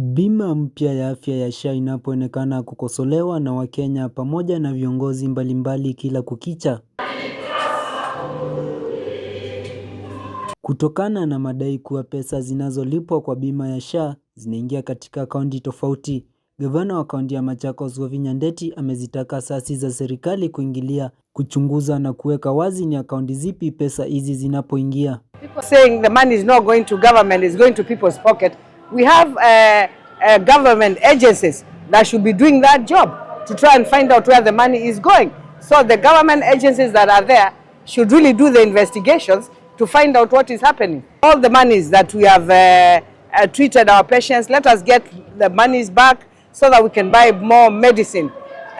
Bima mpya ya afya ya SHA inapoonekana kukosolewa na wakenya pamoja na viongozi mbalimbali kila kukicha. Kutokana na madai kuwa pesa zinazolipwa kwa bima ya SHA zinaingia katika kaunti tofauti. Gavana wa kaunti ya Machakos Wavinya Ndeti amezitaka asasi za serikali kuingilia, kuchunguza na kuweka wazi ni akaunti zipi pesa hizi zinapoingia. We have uh, uh, government agencies that should be doing that job to try and find out where the money is going. So the government agencies that are there should really do the investigations to find out what is happening. All the monies that we have uh, uh, treated our patients, let us get the monies back so that we can buy more medicine.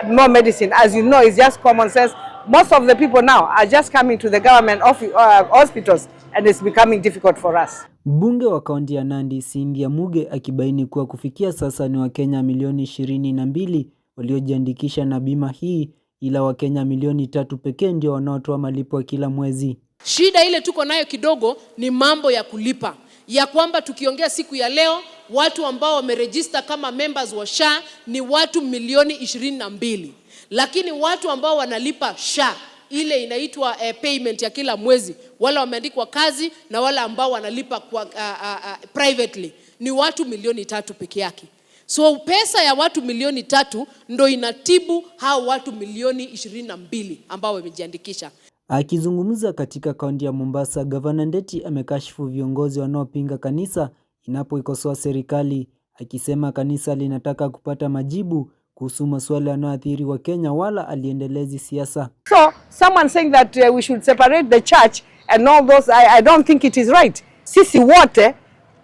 More medicine, as you know, it's just common sense. Most of the people now are just coming to the government of, uh, hospitals and it's becoming difficult for us. Mbunge wa kaunti ya Nandi Sindhia Muge akibaini kuwa kufikia sasa ni Wakenya milioni ishirini na mbili waliojiandikisha na bima hii ila Wakenya milioni tatu pekee ndio wanaotoa malipo kila mwezi. Shida ile tuko nayo kidogo ni mambo ya kulipa, ya kwamba tukiongea siku ya leo watu ambao wamerejista kama members wa SHA ni watu milioni ishirini na mbili, lakini watu ambao wanalipa SHA ile inaitwa eh, payment ya kila mwezi. Wale wameandikwa kazi na wale ambao wanalipa kwa, uh, uh, uh, privately ni watu milioni tatu peke yake. So pesa ya watu milioni tatu ndo inatibu hao watu milioni ishirini na mbili ambao wamejiandikisha. Akizungumza katika kaunti ya Mombasa, Gavana Ndeti amekashifu viongozi wanaopinga kanisa inapoikosoa serikali, akisema kanisa linataka kupata majibu kuhusu masuala yanayoathiri wa Kenya wala aliendelezi siasa. So someone saying that uh, we should separate the church and all those I, I don't think it is right. Sisi wote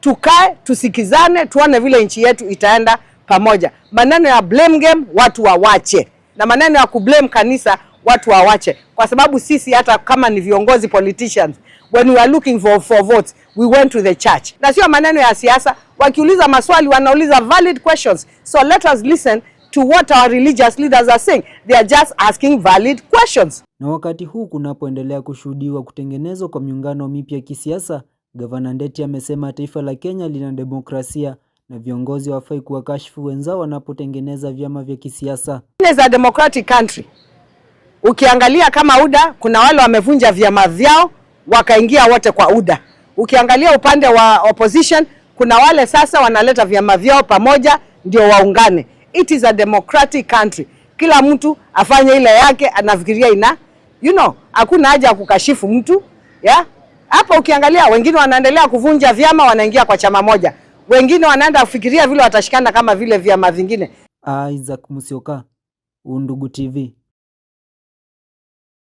tukae tusikizane, tuone vile nchi yetu itaenda pamoja. Maneno ya blame game watu wawache, na maneno ya kublame kanisa watu wawache, kwa sababu sisi hata kama ni viongozi politicians, when we are looking for, for votes we went to the church, na sio maneno ya siasa. Wakiuliza maswali wanauliza valid questions, so let us listen to what our religious leaders are saying. They are just asking valid questions. Na wakati huu kunapoendelea kushuhudiwa kutengenezwa kwa miungano mipya ya kisiasa, Gavana Ndeti amesema taifa la Kenya lina demokrasia na viongozi wafai kuwakashifu wenzao wanapotengeneza vyama vya kisiasa. Kenya is a democratic country. Ukiangalia kama UDA kuna wale wamevunja vyama vyao wakaingia wote kwa UDA. Ukiangalia upande wa opposition kuna wale sasa wanaleta vyama vyao pamoja ndio waungane it is a democratic country. Kila mtu afanye ile yake anafikiria ina you know, hakuna haja ya kukashifu mtu yeah? Hapo ukiangalia wengine wanaendelea kuvunja vyama, wanaingia kwa chama moja, wengine wanaenda kufikiria vile watashikana kama vile vyama vingine. Ah, Isaac Musyoka, Undugu TV.